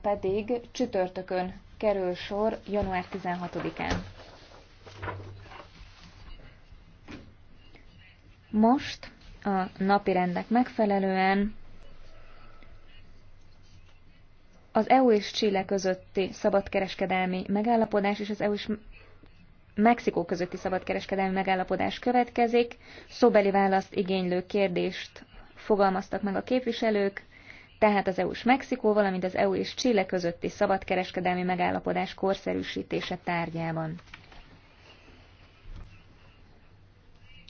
pedig csütörtökön kerül sor január 16-án. Most a napi rendek megfelelően az EU és Chile közötti szabadkereskedelmi megállapodás és az EU és Mexikó közötti szabadkereskedelmi megállapodás következik. Szóbeli választ igénylő kérdést fogalmaztak meg a képviselők tehát az EU és Mexikó, valamint az EU és Chile közötti szabadkereskedelmi megállapodás korszerűsítése tárgyában.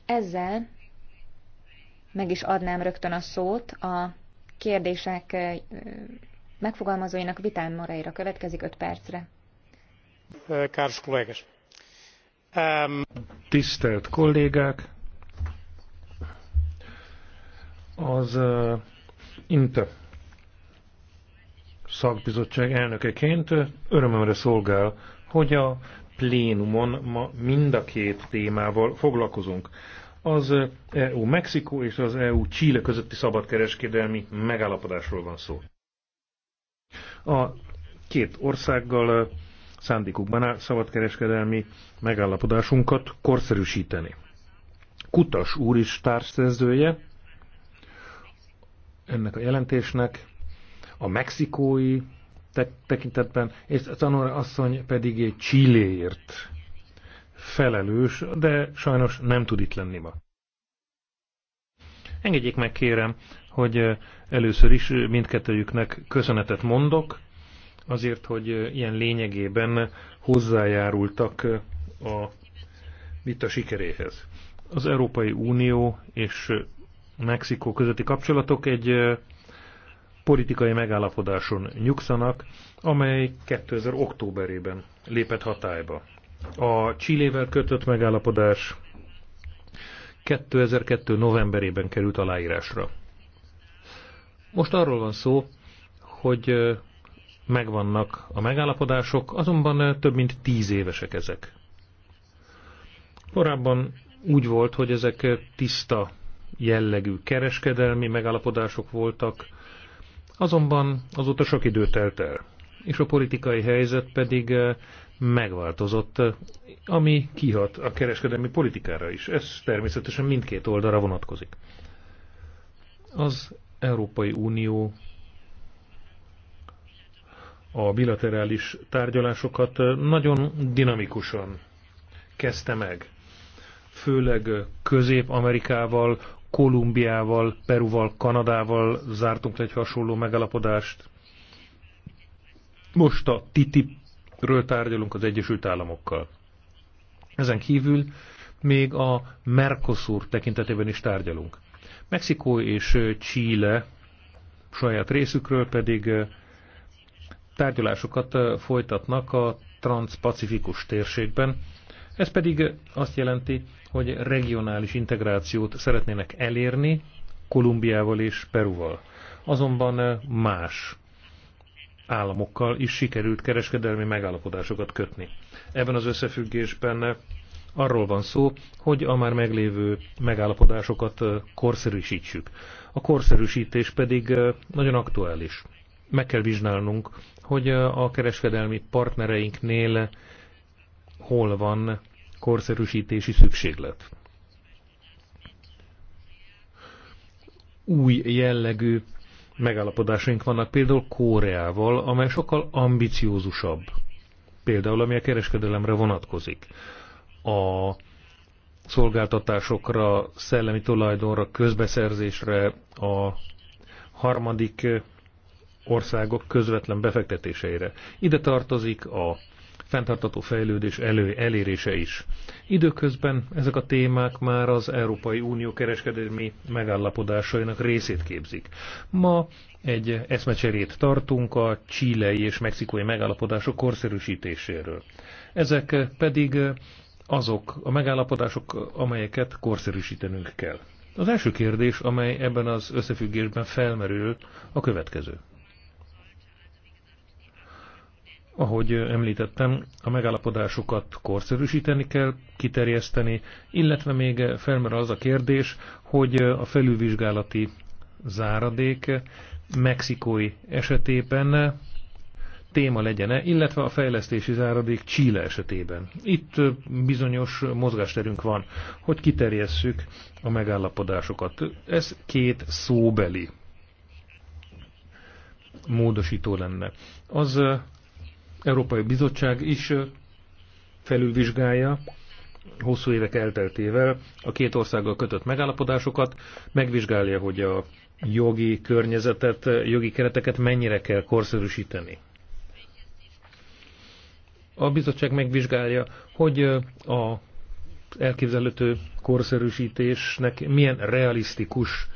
Ezzel meg is adnám rögtön a szót a kérdések megfogalmazóinak Vitán Moreira következik 5 percre. Káros kollégás. Um... Tisztelt kollégák! Az uh, INTE szakbizottság elnökeként örömömre szolgál, hogy a plénumon ma mind a két témával foglalkozunk. Az EU-Mexikó és az EU-Chile közötti szabadkereskedelmi megállapodásról van szó. A két országgal szándékukban áll szabadkereskedelmi megállapodásunkat korszerűsíteni. Kutas úr is társszerzője ennek a jelentésnek, a mexikói te tekintetben, és Tanora asszony pedig Csilléért felelős, de sajnos nem tud itt lenni ma. Engedjék meg kérem, hogy először is mindkettőjüknek köszönetet mondok, azért, hogy ilyen lényegében hozzájárultak a vita sikeréhez. Az Európai Unió és Mexikó közötti kapcsolatok egy politikai megállapodáson nyugszanak, amely 2000 októberében lépett hatályba. A Csillével kötött megállapodás 2002. novemberében került aláírásra. Most arról van szó, hogy megvannak a megállapodások, azonban több mint tíz évesek ezek. Korábban úgy volt, hogy ezek tiszta jellegű kereskedelmi megállapodások voltak, Azonban azóta sok idő telt el, és a politikai helyzet pedig eh, megváltozott, ami kihat a kereskedelmi politikára is. Ez természetesen mindkét oldalra vonatkozik. Az Európai Unió a bilaterális tárgyalásokat eh, nagyon dinamikusan kezdte meg, főleg eh, Közép-Amerikával, Kolumbiával, Peruval, Kanadával zártunk egy hasonló megalapodást. Most a TTIP-ről tárgyalunk az Egyesült Államokkal. Ezen kívül még a Mercosur tekintetében is tárgyalunk. Mexikó és Chile saját részükről pedig eh, tárgyalásokat eh, folytatnak a transpacifikus térségben, ez pedig azt jelenti, hogy regionális integrációt szeretnének elérni Kolumbiával és Peruval. Azonban más államokkal is sikerült kereskedelmi megállapodásokat kötni. Ebben az összefüggésben arról van szó, hogy a már meglévő megállapodásokat korszerűsítsük. A korszerűsítés pedig nagyon aktuális. Meg kell vizsgálnunk, hogy a kereskedelmi partnereinknél hol van korszerűsítési szükséglet. Új jellegű megállapodásaink vannak például Kóreával, amely sokkal ambiciózusabb, például ami a kereskedelemre vonatkozik. A szolgáltatásokra, szellemi tulajdonra, közbeszerzésre, a harmadik országok közvetlen befektetéseire. Ide tartozik a fenntartató fejlődés elő, elérése is. Időközben ezek a témák már az Európai Unió kereskedelmi megállapodásainak részét képzik. Ma egy eszmecserét tartunk a csílei és mexikói megállapodások korszerűsítéséről. Ezek pedig azok a megállapodások, amelyeket korszerűsítenünk kell. Az első kérdés, amely ebben az összefüggésben felmerül, a következő. Ahogy említettem, a megállapodásokat korszerűsíteni kell, kiterjeszteni, illetve még felmerül az a kérdés, hogy a felülvizsgálati záradék mexikói esetében téma legyen-e, illetve a fejlesztési záradék Chile esetében. Itt bizonyos mozgásterünk van, hogy kiterjesszük a megállapodásokat. Ez két szóbeli módosító lenne. Az Európai Bizottság is felülvizsgálja hosszú évek elteltével a két országgal kötött megállapodásokat, megvizsgálja, hogy a jogi környezetet, jogi kereteket mennyire kell korszerűsíteni. A bizottság megvizsgálja, hogy a elképzelhető korszerűsítésnek milyen realisztikus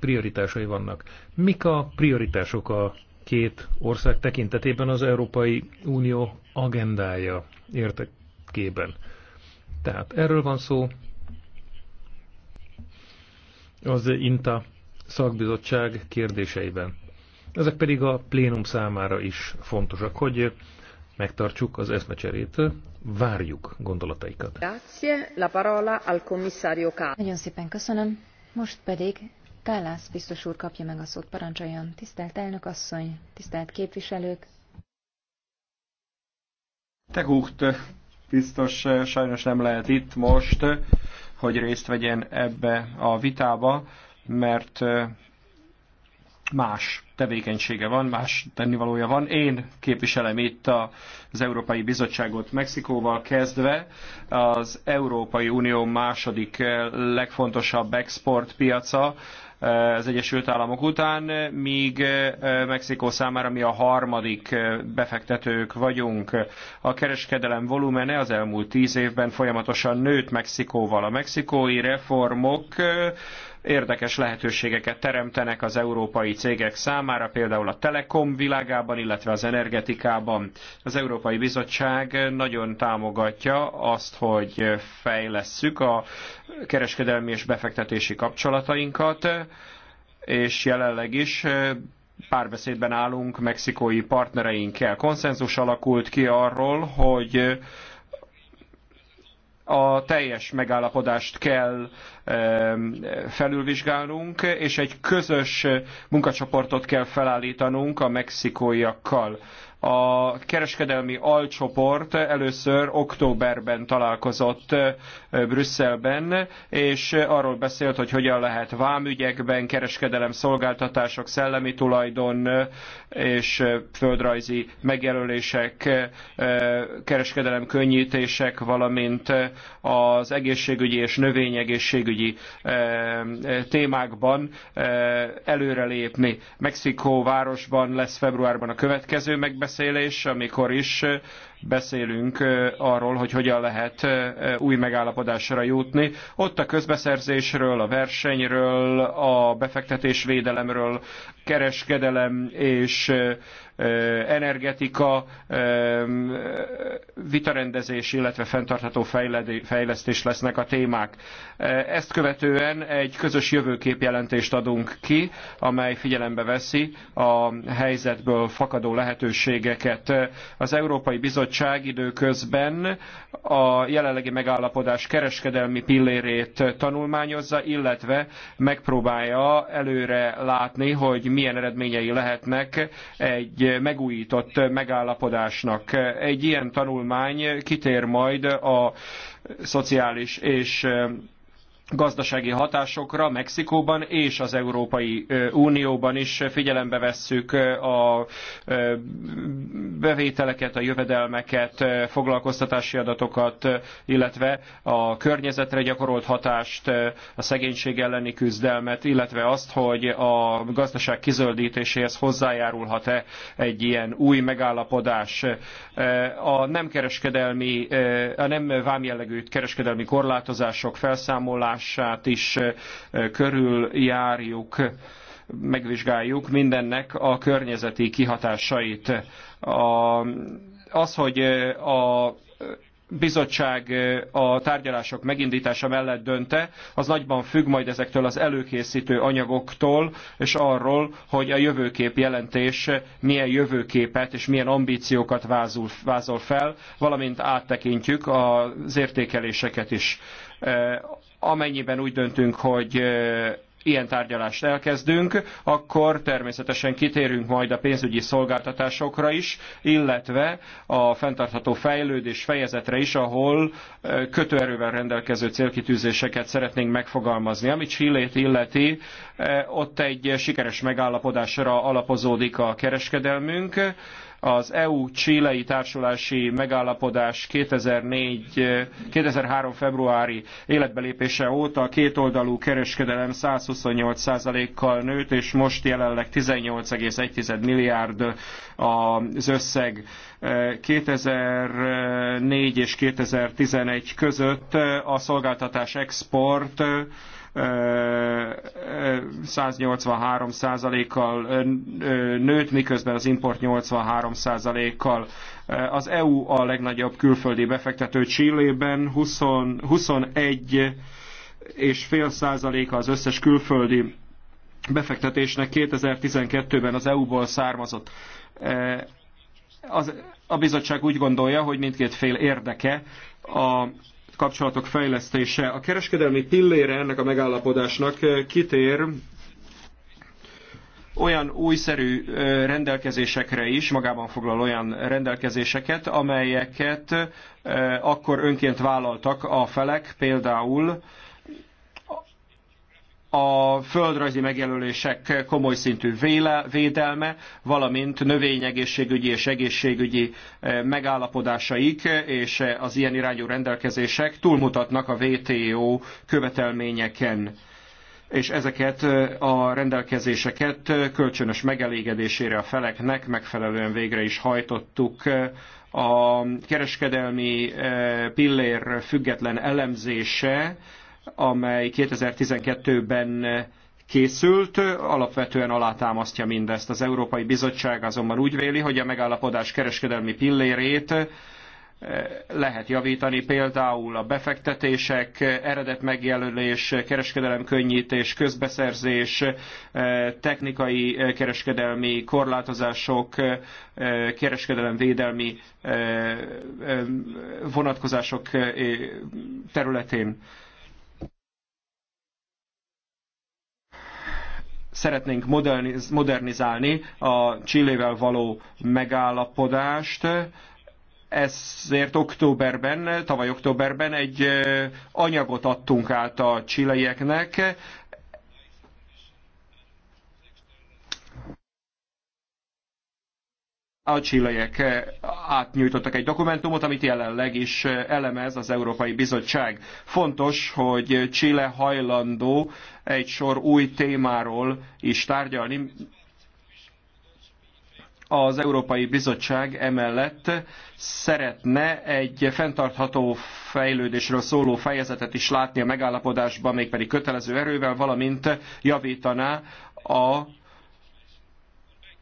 prioritásai vannak. Mik a prioritások a két ország tekintetében az Európai Unió agendája értekében. Tehát erről van szó. Az INTA szakbizottság kérdéseiben. Ezek pedig a plénum számára is fontosak, hogy megtartsuk az eszmecserét, várjuk gondolataikat. Grazie, la parola al commissario Nagyon szépen köszönöm. Most pedig Kállász biztos úr kapja meg a szót, parancsoljon. Tisztelt elnök asszony, tisztelt képviselők. Te húgt, biztos sajnos nem lehet itt most, hogy részt vegyen ebbe a vitába, mert más tevékenysége van, más tennivalója van. Én képviselem itt az Európai Bizottságot Mexikóval kezdve. Az Európai Unió második legfontosabb exportpiaca Eh, az Egyesült Államok után, míg eh, Mexikó számára mi a harmadik eh, befektetők vagyunk. A kereskedelem volumene az elmúlt tíz évben folyamatosan nőtt Mexikóval. A mexikói reformok érdekes lehetőségeket teremtenek az európai cégek számára, például a telekom világában, illetve az energetikában. Az Európai Bizottság nagyon támogatja azt, hogy fejlesszük a kereskedelmi és befektetési kapcsolatainkat, és jelenleg is párbeszédben állunk mexikói partnereinkkel. Konszenzus alakult ki arról, hogy a teljes megállapodást kell felülvizsgálnunk, és egy közös munkacsoportot kell felállítanunk a mexikóiakkal. A kereskedelmi alcsoport először októberben találkozott eh, Brüsszelben, és arról beszélt, hogy hogyan lehet vámügyekben, kereskedelem szolgáltatások, szellemi tulajdon eh, és eh, földrajzi megjelölések, kereskedelem könnyítések, valamint az egészségügyi és növényegészségügyi külügyi eh, eh, témákban eh, előrelépni. Mexikó városban lesz februárban a következő megbeszélés, amikor is beszélünk arról, hogy hogyan lehet új megállapodásra jutni. Ott a közbeszerzésről, a versenyről, a befektetésvédelemről, kereskedelem és energetika, vitarendezés, illetve fenntartható fejlesztés lesznek a témák. Ezt követően egy közös jövőkép jelentést adunk ki, amely figyelembe veszi a helyzetből fakadó lehetőségeket. Az Európai Bizottság időközben a jelenlegi megállapodás kereskedelmi pillérét tanulmányozza, illetve megpróbálja előre látni, hogy milyen eredményei lehetnek egy megújított megállapodásnak. Egy ilyen tanulmány kitér majd a szociális és gazdasági hatásokra Mexikóban és az Európai Unióban is figyelembe vesszük a bevételeket, a jövedelmeket, foglalkoztatási adatokat, illetve a környezetre gyakorolt hatást, a szegénység elleni küzdelmet, illetve azt, hogy a gazdaság kizöldítéséhez hozzájárulhat-e egy ilyen új megállapodás. A nem kereskedelmi, a nem vámjellegű kereskedelmi korlátozások felszámolása, kialakulását is eh, eh, körüljárjuk, megvizsgáljuk mindennek a környezeti kihatásait. A, az, hogy eh, a bizottság a tárgyalások megindítása mellett dönte, az nagyban függ majd ezektől az előkészítő anyagoktól, és arról, hogy a jövőkép jelentés milyen jövőképet és milyen ambíciókat vázol, vázol fel, valamint áttekintjük az értékeléseket is Amennyiben úgy döntünk, hogy ilyen tárgyalást elkezdünk, akkor természetesen kitérünk majd a pénzügyi szolgáltatásokra is, illetve a fenntartható fejlődés fejezetre is, ahol kötőerővel rendelkező célkitűzéseket szeretnénk megfogalmazni. Ami Csillét illeti, ott egy sikeres megállapodásra alapozódik a kereskedelmünk, az EU-Csilei társulási megállapodás 2004, 2003. februári életbelépése óta a kétoldalú kereskedelem 128%-kal nőtt, és most jelenleg 18,1 milliárd az összeg. 2004 és 2011 között a szolgáltatás export 183%-kal nőtt, miközben az import 83%-kal. Az EU a legnagyobb külföldi befektető Csillében, 20, 21 és fél százaléka az összes külföldi befektetésnek 2012-ben az EU-ból származott. Az, a bizottság úgy gondolja, hogy mindkét fél érdeke a kapcsolatok fejlesztése. A kereskedelmi pillére ennek a megállapodásnak kitér olyan újszerű rendelkezésekre is, magában foglal olyan rendelkezéseket, amelyeket akkor önként vállaltak a felek, például a földrajzi megjelölések komoly szintű védelme, valamint növényegészségügyi és egészségügyi megállapodásaik és az ilyen irányú rendelkezések túlmutatnak a WTO követelményeken és ezeket a rendelkezéseket kölcsönös megelégedésére a feleknek megfelelően végre is hajtottuk. A kereskedelmi pillér független elemzése, amely 2012-ben készült, alapvetően alátámasztja mindezt. Az Európai Bizottság azonban úgy véli, hogy a megállapodás kereskedelmi pillérét lehet javítani, például a befektetések, eredet kereskedelem könnyítés, közbeszerzés, eh, technikai eh, kereskedelmi korlátozások, eh, kereskedelem védelmi vonatkozások területén. szeretnénk moderniz, modernizálni a Csillével való megállapodást, ezért októberben, tavaly októberben egy anyagot adtunk át a csileieknek, a csileiek átnyújtottak egy dokumentumot, amit jelenleg is elemez az Európai Bizottság. Fontos, hogy Chile hajlandó egy sor új témáról is tárgyalni, az Európai Bizottság emellett szeretne egy fenntartható fejlődésről szóló fejezetet is látni a megállapodásban, mégpedig kötelező erővel, valamint javítaná a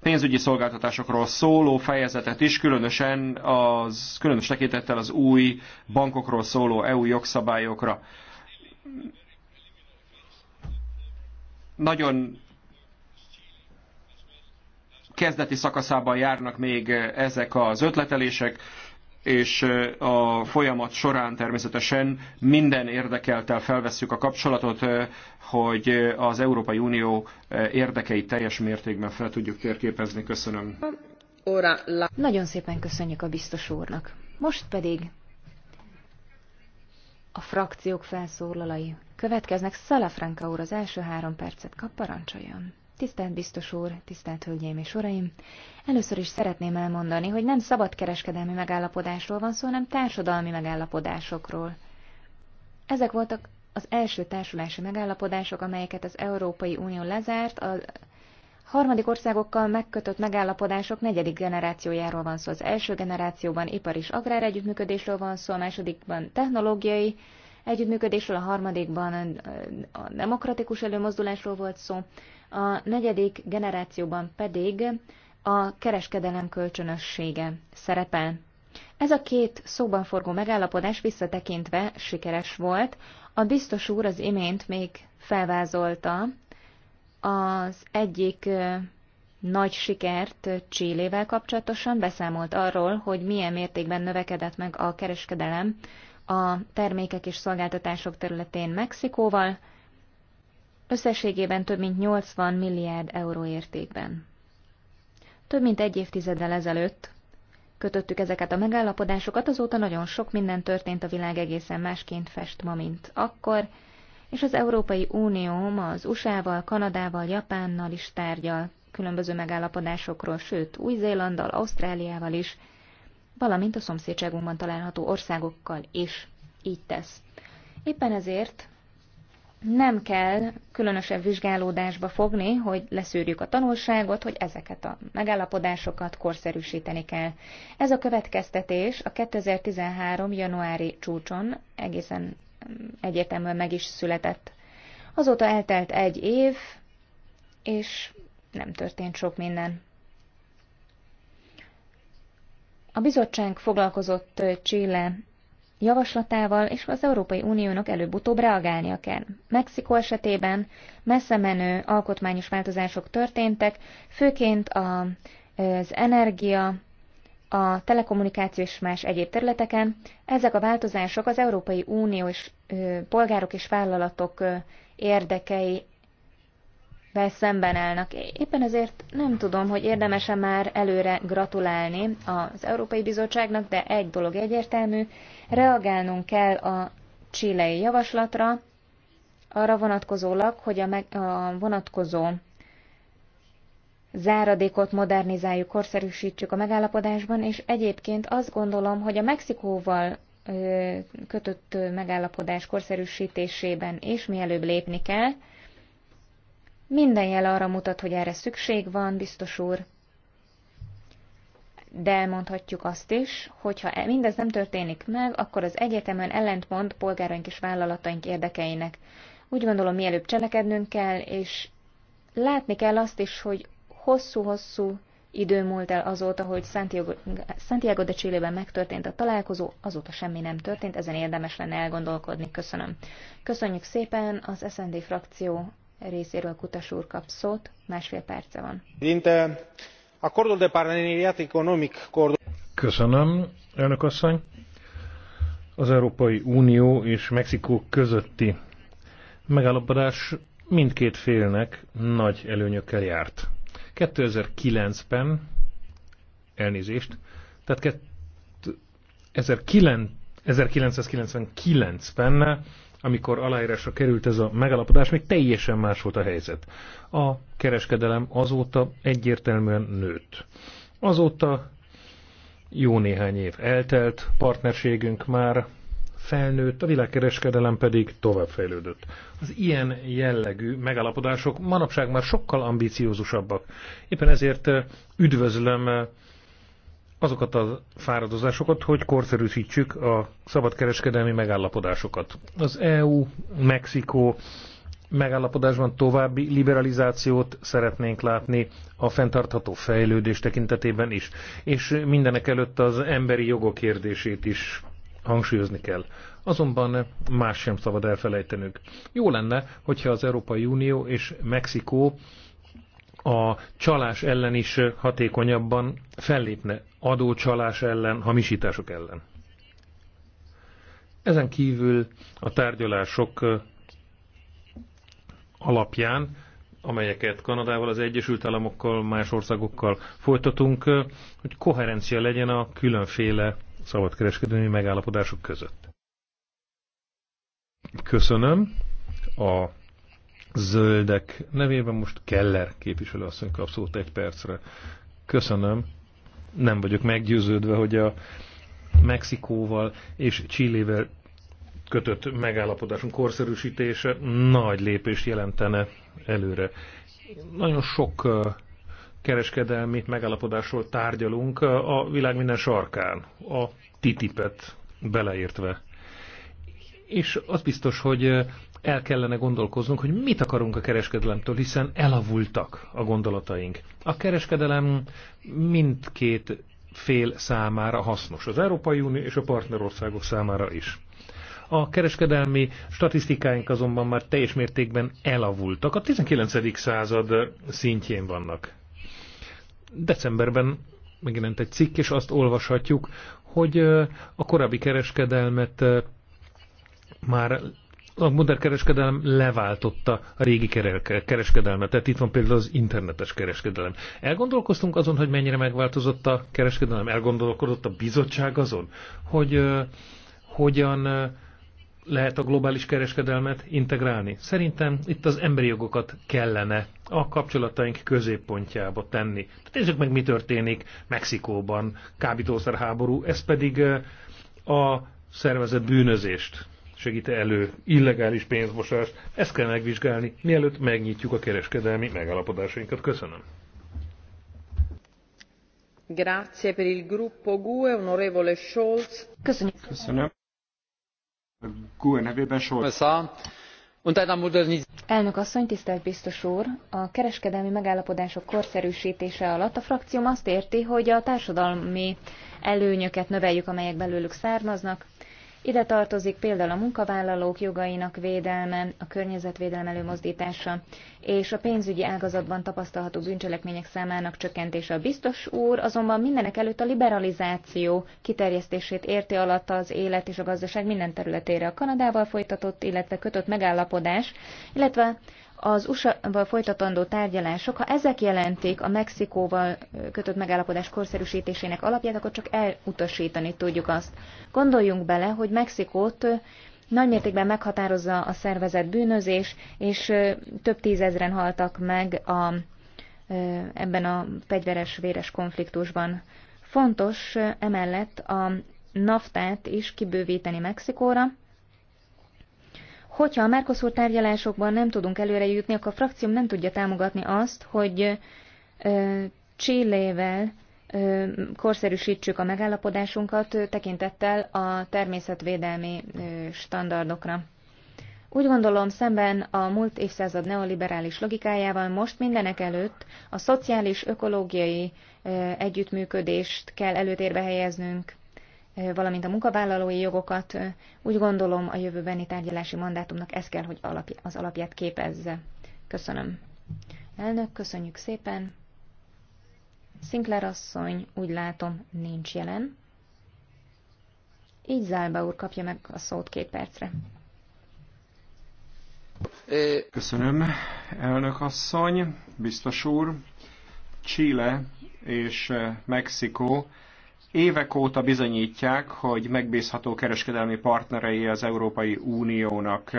pénzügyi szolgáltatásokról szóló fejezetet is, különösen az, különös tekintettel az új bankokról szóló EU jogszabályokra. Nagyon kezdeti szakaszában járnak még ezek az ötletelések, és a folyamat során természetesen minden érdekeltel felvesszük a kapcsolatot, hogy az Európai Unió érdekeit teljes mértékben fel tudjuk térképezni. Köszönöm. Nagyon szépen köszönjük a biztos úrnak. Most pedig a frakciók felszólalai következnek. Szalafranka úr az első három percet kap, parancsoljon. Tisztelt biztos úr, tisztelt hölgyeim és uraim! Először is szeretném elmondani, hogy nem szabad kereskedelmi megállapodásról van szó, hanem társadalmi megállapodásokról. Ezek voltak az első társulási megállapodások, amelyeket az Európai Unió lezárt, a harmadik országokkal megkötött megállapodások negyedik generációjáról van szó. Az első generációban ipar és agrár együttműködésről van szó, a másodikban technológiai, együttműködésről, a harmadikban a demokratikus előmozdulásról volt szó, a negyedik generációban pedig a kereskedelem kölcsönössége szerepel. Ez a két szóban forgó megállapodás visszatekintve sikeres volt. A biztos úr az imént még felvázolta az egyik nagy sikert Csillével kapcsolatosan, beszámolt arról, hogy milyen mértékben növekedett meg a kereskedelem a termékek és szolgáltatások területén Mexikóval, összességében több mint 80 milliárd euró értékben. Több mint egy évtizeddel ezelőtt kötöttük ezeket a megállapodásokat, azóta nagyon sok minden történt, a világ egészen másként fest ma, mint akkor, és az Európai Unió ma az USA-val, Kanadával, Japánnal is tárgyal különböző megállapodásokról, sőt, Új-Zélanddal, Ausztráliával is – valamint a szomszédságunkban található országokkal is így tesz. Éppen ezért nem kell különösebb vizsgálódásba fogni, hogy leszűrjük a tanulságot, hogy ezeket a megállapodásokat korszerűsíteni kell. Ez a következtetés a 2013. januári csúcson egészen mm, egyértelműen meg is született. Azóta eltelt egy év, és nem történt sok minden. A bizottság foglalkozott Chile javaslatával, és az Európai Uniónak előbb-utóbb reagálnia kell. Mexikó esetében messze menő alkotmányos változások történtek, főként a, az energia, a telekommunikáció és más egyéb területeken. Ezek a változások az Európai Unió és polgárok és vállalatok érdekei vel szemben állnak. Éppen ezért nem tudom, hogy érdemese már előre gratulálni az Európai Bizottságnak, de egy dolog egyértelmű, reagálnunk kell a csilei javaslatra, arra vonatkozólag, hogy a, meg, a vonatkozó záradékot modernizáljuk, korszerűsítsük a megállapodásban, és egyébként azt gondolom, hogy a Mexikóval kötött megállapodás korszerűsítésében is mielőbb lépni kell, minden jel arra mutat, hogy erre szükség van, biztos úr. De mondhatjuk azt is, hogy ha e- mindez nem történik meg, akkor az egyetemen ellentmond polgáraink és vállalataink érdekeinek. Úgy gondolom, mielőbb cselekednünk kell, és látni kell azt is, hogy hosszú-hosszú idő múlt el azóta, hogy Santiago, Santiago de Chile-ben megtörtént a találkozó, azóta semmi nem történt, ezen érdemes lenne elgondolkodni. Köszönöm. Köszönjük szépen az SND frakció részéről Kutas úr kap szót, másfél perce van. Köszönöm, elnök asszony. Az Európai Unió és Mexikó közötti megállapodás mindkét félnek nagy előnyökkel járt. 2009-ben, elnézést, tehát 1999-ben amikor aláírásra került ez a megalapodás, még teljesen más volt a helyzet. A kereskedelem azóta egyértelműen nőtt. Azóta jó néhány év eltelt, partnerségünk már felnőtt, a világkereskedelem pedig továbbfejlődött. Az ilyen jellegű megállapodások manapság már sokkal ambíciózusabbak. Éppen ezért eh, üdvözlöm eh, azokat a fáradozásokat, hogy korszerűsítsük a szabadkereskedelmi megállapodásokat. Az EU-Mexikó megállapodásban további liberalizációt szeretnénk látni a fenntartható fejlődés tekintetében is, és mindenek előtt az emberi jogok kérdését is hangsúlyozni kell. Azonban más sem szabad elfelejtenünk. Jó lenne, hogyha az Európai Unió és Mexikó a csalás ellen is hatékonyabban fellépne, adócsalás ellen, hamisítások ellen. Ezen kívül a tárgyalások alapján, amelyeket Kanadával, az Egyesült Államokkal, más országokkal folytatunk, hogy koherencia legyen a különféle szabadkereskedelmi megállapodások között. Köszönöm a zöldek nevében most Keller képviselő asszony kap szót egy percre. Köszönöm. Nem vagyok meggyőződve, hogy a Mexikóval és Csillével kötött megállapodásunk korszerűsítése nagy lépés jelentene előre. Nagyon sok kereskedelmi megállapodásról tárgyalunk a világ minden sarkán, a titipet beleértve. És az biztos, hogy el kellene gondolkoznunk, hogy mit akarunk a kereskedelemtől, hiszen elavultak a gondolataink. A kereskedelem mindkét fél számára hasznos, az Európai Unió és a partnerországok számára is. A kereskedelmi statisztikáink azonban már teljes mértékben elavultak, a 19. század szintjén vannak. Decemberben megjelent egy cikk, és azt olvashatjuk, hogy a korábbi kereskedelmet már a modern kereskedelem leváltotta a régi kereskedelmet. Tehát itt van például az internetes kereskedelem. Elgondolkoztunk azon, hogy mennyire megváltozott a kereskedelem? Elgondolkodott a bizottság azon, hogy uh, hogyan uh, lehet a globális kereskedelmet integrálni? Szerintem itt az emberi jogokat kellene a kapcsolataink középpontjába tenni. Tehát nézzük meg, mi történik Mexikóban, kábítószerháború, ez pedig uh, a szervezett bűnözést segít elő illegális pénzmosást. Ezt kell megvizsgálni, mielőtt megnyitjuk a kereskedelmi megállapodásainkat. Köszönöm. Grazie per il gruppo GUE, onorevole Scholz. Köszönöm. GUE nevében Scholz. Elnök asszony, tisztelt biztos úr! A kereskedelmi megállapodások korszerűsítése alatt a frakcióm azt érti, hogy a társadalmi előnyöket növeljük, amelyek belőlük származnak, ide tartozik például a munkavállalók jogainak védelme, a környezetvédelem előmozdítása és a pénzügyi ágazatban tapasztalható bűncselekmények számának csökkentése. A biztos úr azonban mindenek előtt a liberalizáció kiterjesztését érti alatt az élet és a gazdaság minden területére a Kanadával folytatott, illetve kötött megállapodás, illetve az USA-val folytatandó tárgyalások, ha ezek jelentik a Mexikóval kötött megállapodás korszerűsítésének alapját, akkor csak elutasítani tudjuk azt. Gondoljunk bele, hogy Mexikót nagymértékben meghatározza a szervezet bűnözés, és több tízezren haltak meg a, ebben a fegyveres véres konfliktusban. Fontos emellett a naftát is kibővíteni Mexikóra, Hogyha a Mercosur tárgyalásokban nem tudunk előre jutni, akkor a frakcióm nem tudja támogatni azt, hogy Csillével korszerűsítsük a megállapodásunkat tekintettel a természetvédelmi standardokra. Úgy gondolom, szemben a múlt évszázad neoliberális logikájával most mindenek előtt a szociális-ökológiai együttműködést kell előtérbe helyeznünk valamint a munkavállalói jogokat. Úgy gondolom, a jövőbeni tárgyalási mandátumnak ez kell, hogy az alapját képezze. Köszönöm. Elnök, köszönjük szépen. Sinclair asszony, úgy látom, nincs jelen. Így Zálba úr kapja meg a szót két percre. Köszönöm, elnök asszony, biztos úr. Chile és Mexikó évek óta bizonyítják, hogy megbízható kereskedelmi partnerei az Európai Uniónak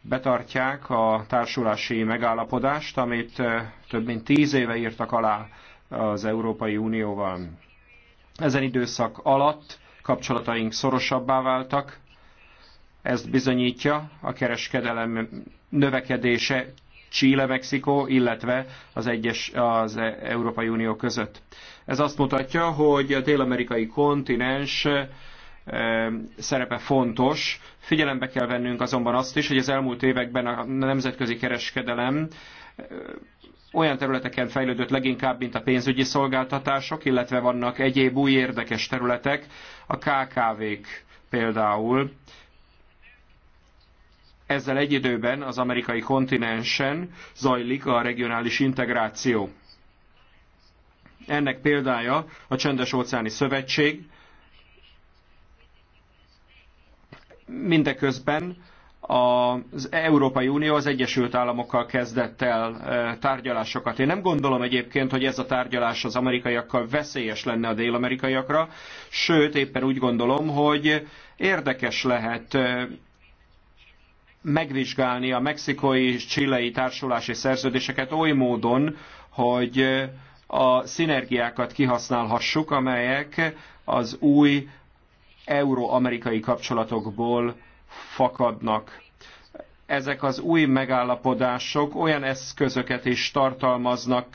betartják a társulási megállapodást, amit több mint tíz éve írtak alá az Európai Unióval. Ezen időszak alatt kapcsolataink szorosabbá váltak, ezt bizonyítja a kereskedelem növekedése Chile, Mexikó, illetve az, egyes, az Európai Unió között. Ez azt mutatja, hogy a dél-amerikai kontinens eh, szerepe fontos. Figyelembe kell vennünk azonban azt is, hogy az elmúlt években a nemzetközi kereskedelem eh, olyan területeken fejlődött leginkább, mint a pénzügyi szolgáltatások, illetve vannak egyéb új érdekes területek, a KKV-k például. Ezzel egy időben az amerikai kontinensen zajlik a regionális integráció. Ennek példája a Csendes-óceáni Szövetség. Mindeközben az Európai Unió az Egyesült Államokkal kezdett el tárgyalásokat. Én nem gondolom egyébként, hogy ez a tárgyalás az amerikaiakkal veszélyes lenne a dél-amerikaiakra, sőt, éppen úgy gondolom, hogy érdekes lehet megvizsgálni a mexikói és csilei társulási szerződéseket oly módon, hogy a szinergiákat kihasználhassuk, amelyek az új euró-amerikai kapcsolatokból fakadnak. Ezek az új megállapodások olyan eszközöket is tartalmaznak,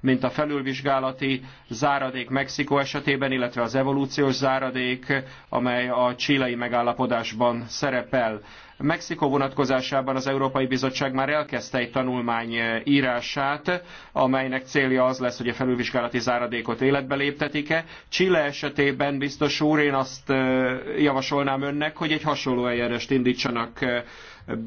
mint a felülvizsgálati záradék Mexikó esetében, illetve az evolúciós záradék, amely a csilei megállapodásban szerepel. Mexikó vonatkozásában az Európai Bizottság már elkezdte egy tanulmány eh, írását, amelynek célja az lesz, hogy a felülvizsgálati záradékot életbe léptetik-e. Chile esetében biztos úr, én azt eh, javasolnám önnek, hogy egy hasonló eljárást indítsanak eh,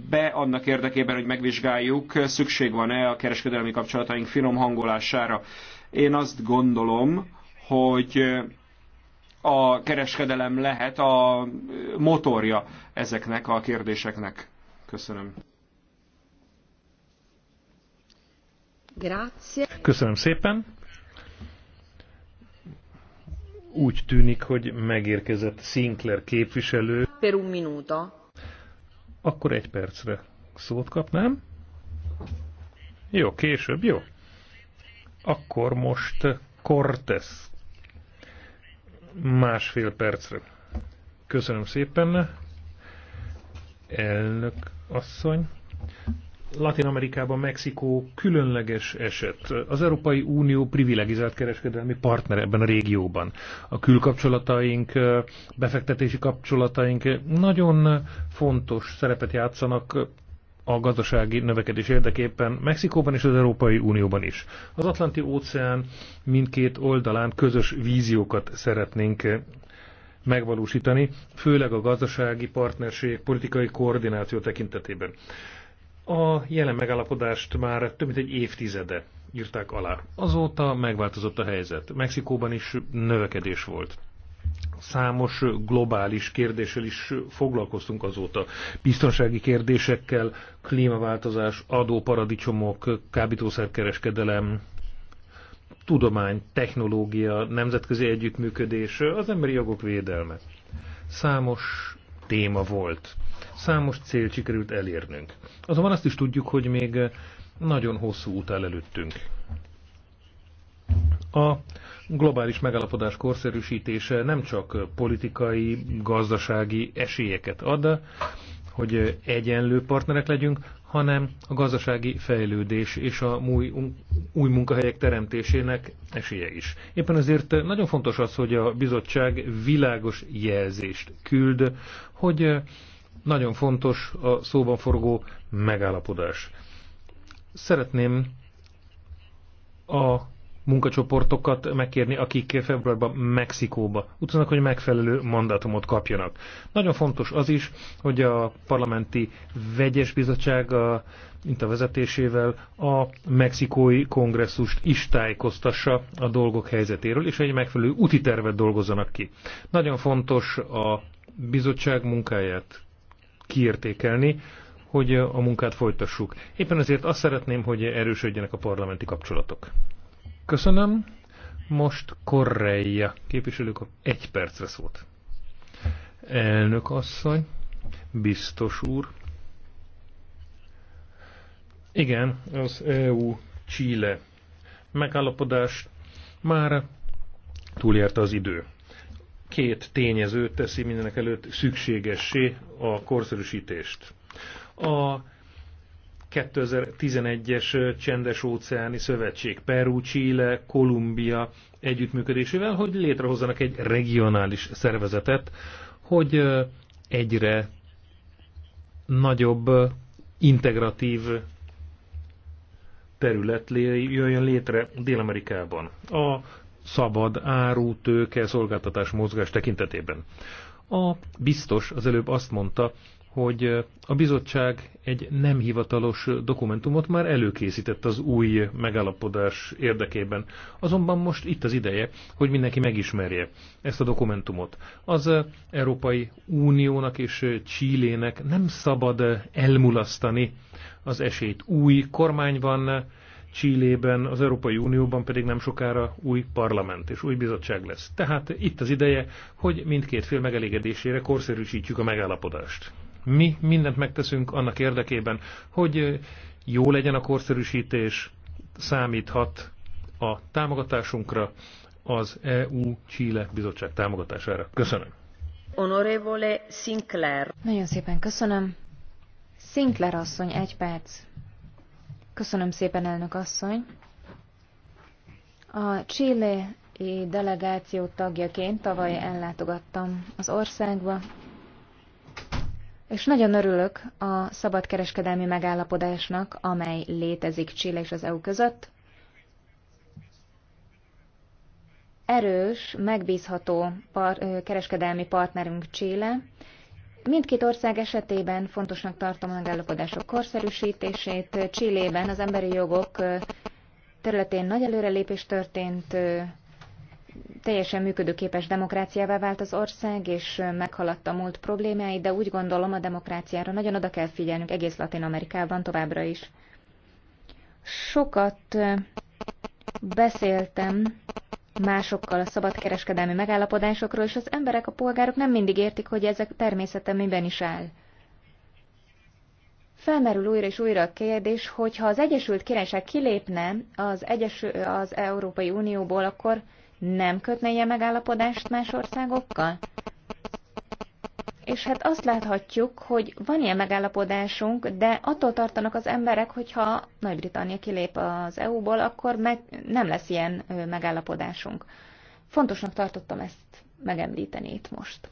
be annak érdekében, hogy megvizsgáljuk, szükség van-e a kereskedelmi kapcsolataink finom hangolására. Én azt gondolom, hogy a kereskedelem lehet a motorja ezeknek a kérdéseknek. Köszönöm. Grazie. Köszönöm szépen. Úgy tűnik, hogy megérkezett Sinclair képviselő. Per un minuto. Akkor egy percre szót kapnám. Jó, később, jó. Akkor most Cortez másfél percre. Köszönöm szépen, elnök asszony. Latin Amerikában Mexikó különleges eset. Az Európai Unió privilegizált kereskedelmi partner ebben a régióban. A külkapcsolataink, befektetési kapcsolataink nagyon fontos szerepet játszanak a gazdasági növekedés érdekében Mexikóban és az Európai Unióban is. Az Atlanti óceán mindkét oldalán közös víziókat szeretnénk megvalósítani, főleg a gazdasági partnerség, politikai koordináció tekintetében. A jelen megállapodást már több mint egy évtizede írták alá. Azóta megváltozott a helyzet. Mexikóban is növekedés volt. Számos globális kérdéssel is foglalkoztunk azóta. Biztonsági kérdésekkel, klímaváltozás, adóparadicsomok, kábítószerkereskedelem, tudomány, technológia, nemzetközi együttműködés, az emberi jogok védelme. Számos téma volt. Számos cél sikerült elérnünk. Azonban azt is tudjuk, hogy még nagyon hosszú út áll előttünk. A globális megalapodás korszerűsítése nem csak politikai, gazdasági esélyeket ad, hogy egyenlő partnerek legyünk, hanem a gazdasági fejlődés és a új, új munkahelyek teremtésének esélye is. Éppen ezért nagyon fontos az, hogy a bizottság világos jelzést küld, hogy nagyon fontos a szóban forgó megállapodás. Szeretném a munkacsoportokat megkérni, akik februárban Mexikóba utaznak, hogy megfelelő mandátumot kapjanak. Nagyon fontos az is, hogy a parlamenti vegyes bizottság a, mint a vezetésével a mexikói kongresszust is tájékoztassa a dolgok helyzetéről, és egy megfelelő úti tervet dolgozzanak ki. Nagyon fontos a bizottság munkáját kiértékelni, hogy a munkát folytassuk. Éppen ezért azt szeretném, hogy erősödjenek a parlamenti kapcsolatok. Köszönöm. Most Korreia képviselők egy percre szólt. Elnök asszony, biztos úr. Igen, az EU-Chile megállapodás már túlérte az idő. Két tényező teszi mindenek előtt szükségessé a korszerűsítést. A 2011-es Csendes Óceáni Szövetség Peru, Chile, Kolumbia együttműködésével, hogy létrehozzanak egy regionális szervezetet, hogy egyre nagyobb integratív terület jöjjön létre Dél-Amerikában. A szabad áru, tőke, szolgáltatás, mozgás tekintetében. A biztos az előbb azt mondta, hogy a bizottság egy nem hivatalos dokumentumot már előkészített az új megállapodás érdekében. Azonban most itt az ideje, hogy mindenki megismerje ezt a dokumentumot. Az Európai Uniónak és Csillének nem szabad elmulasztani az esélyt. Új kormány van Csillében, az Európai Unióban pedig nem sokára új parlament és új bizottság lesz. Tehát itt az ideje, hogy mindkét fél megelégedésére korszerűsítjük a megállapodást. Mi mindent megteszünk annak érdekében, hogy jó legyen a korszerűsítés, számíthat a támogatásunkra, az EU-Chile Bizottság támogatására. Köszönöm. Honorevole Sinclair. Nagyon szépen köszönöm. Sinclair asszony, egy perc. Köszönöm szépen, elnök asszony. A Chile delegáció tagjaként tavaly ellátogattam az országba, és nagyon örülök a szabadkereskedelmi megállapodásnak, amely létezik Chile és az EU között. Erős, megbízható par- kereskedelmi partnerünk Chile. Mindkét ország esetében fontosnak tartom a megállapodások korszerűsítését. Csillében az emberi jogok területén nagy előrelépés történt, teljesen működőképes demokráciává vált az ország, és meghaladta múlt problémáit, de úgy gondolom a demokráciára nagyon oda kell figyelnünk egész Latin Amerikában továbbra is. Sokat beszéltem másokkal a szabadkereskedelmi megállapodásokról, és az emberek, a polgárok nem mindig értik, hogy ezek természete miben is áll. Felmerül újra és újra a kérdés, hogy ha az Egyesült Királyság kilépne az, Egyes, az Európai Unióból, akkor nem kötne ilyen megállapodást más országokkal? És hát azt láthatjuk, hogy van ilyen megállapodásunk, de attól tartanak az emberek, hogyha Nagy-Britannia kilép az EU-ból, akkor meg nem lesz ilyen megállapodásunk. Fontosnak tartottam ezt megemlíteni itt most.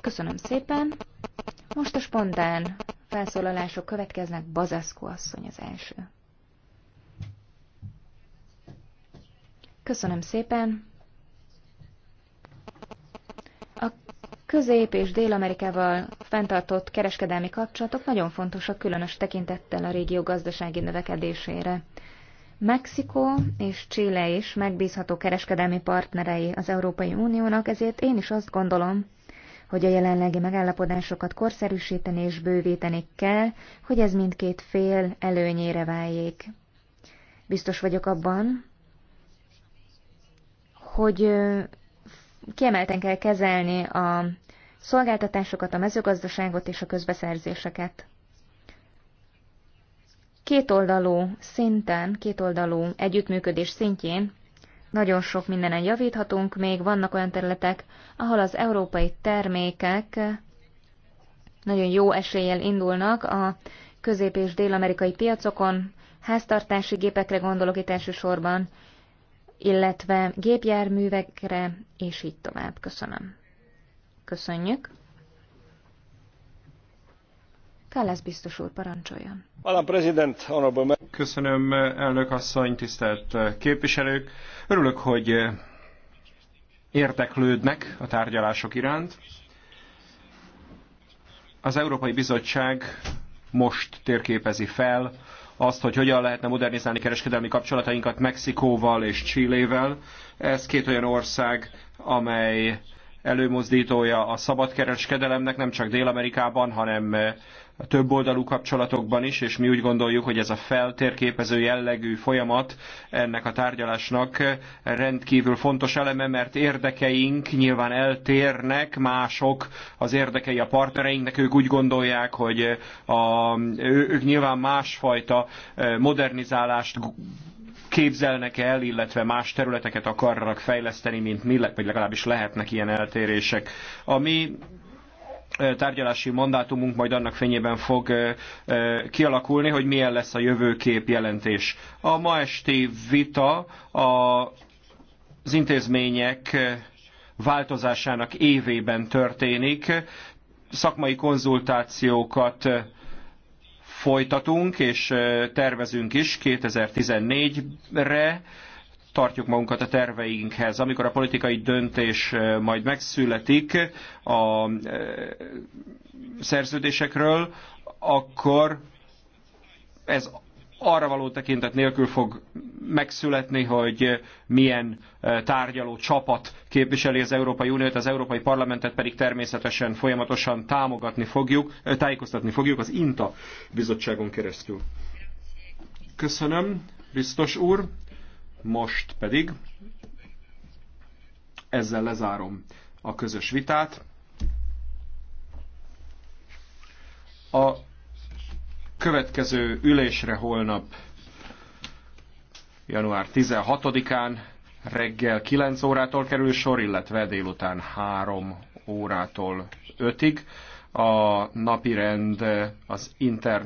Köszönöm szépen. Most a spontán felszólalások következnek. Bazaszko asszony az első. Köszönöm szépen. A Közép- és Dél-Amerikával fenntartott kereskedelmi kapcsolatok nagyon fontosak, különös tekintettel a régió gazdasági növekedésére. Mexikó és Chile is megbízható kereskedelmi partnerei az Európai Uniónak, ezért én is azt gondolom, hogy a jelenlegi megállapodásokat korszerűsíteni és bővíteni kell, hogy ez mindkét fél előnyére váljék. Biztos vagyok abban, hogy kiemelten kell kezelni a szolgáltatásokat, a mezőgazdaságot és a közbeszerzéseket. Kétoldalú szinten, kétoldalú együttműködés szintjén nagyon sok mindenen javíthatunk, még vannak olyan területek, ahol az európai termékek nagyon jó eséllyel indulnak a közép- és dél-amerikai piacokon, háztartási gépekre gondolok itt elsősorban, illetve gépjárművekre, és így tovább. Köszönöm. Köszönjük. Kállász biztos úr, parancsoljon. Köszönöm, elnök asszony, tisztelt eh, képviselők. Örülök, hogy eh, érteklődnek a tárgyalások iránt. Az Európai Bizottság most térképezi fel azt, hogy hogyan lehetne modernizálni kereskedelmi kapcsolatainkat Mexikóval és Csillével. Ez két olyan ország, amely előmozdítója a szabadkereskedelemnek nem csak Dél-Amerikában, hanem a több oldalú kapcsolatokban is, és mi úgy gondoljuk, hogy ez a feltérképező jellegű folyamat ennek a tárgyalásnak rendkívül fontos eleme, mert érdekeink nyilván eltérnek, mások az érdekei a partnereinknek, ők úgy gondolják, hogy a, ők nyilván másfajta modernizálást képzelnek el, illetve más területeket akarnak fejleszteni, mint mi, vagy legalábbis lehetnek ilyen eltérések. Ami tárgyalási mandátumunk majd annak fényében fog kialakulni, hogy milyen lesz a jövőkép jelentés. A ma esti vita az intézmények változásának évében történik. Szakmai konzultációkat folytatunk és tervezünk is 2014-re tartjuk magunkat a terveinkhez. Amikor a politikai döntés majd megszületik a szerződésekről, akkor ez arra való tekintet nélkül fog megszületni, hogy milyen tárgyaló csapat képviseli az Európai Uniót, az Európai Parlamentet pedig természetesen folyamatosan támogatni fogjuk, tájékoztatni fogjuk az INTA bizottságon keresztül. Köszönöm, biztos úr. Most pedig ezzel lezárom a közös vitát. A következő ülésre holnap január 16-án reggel 9 órától kerül sor, illetve délután 3 órától 5-ig. A napi rend az internet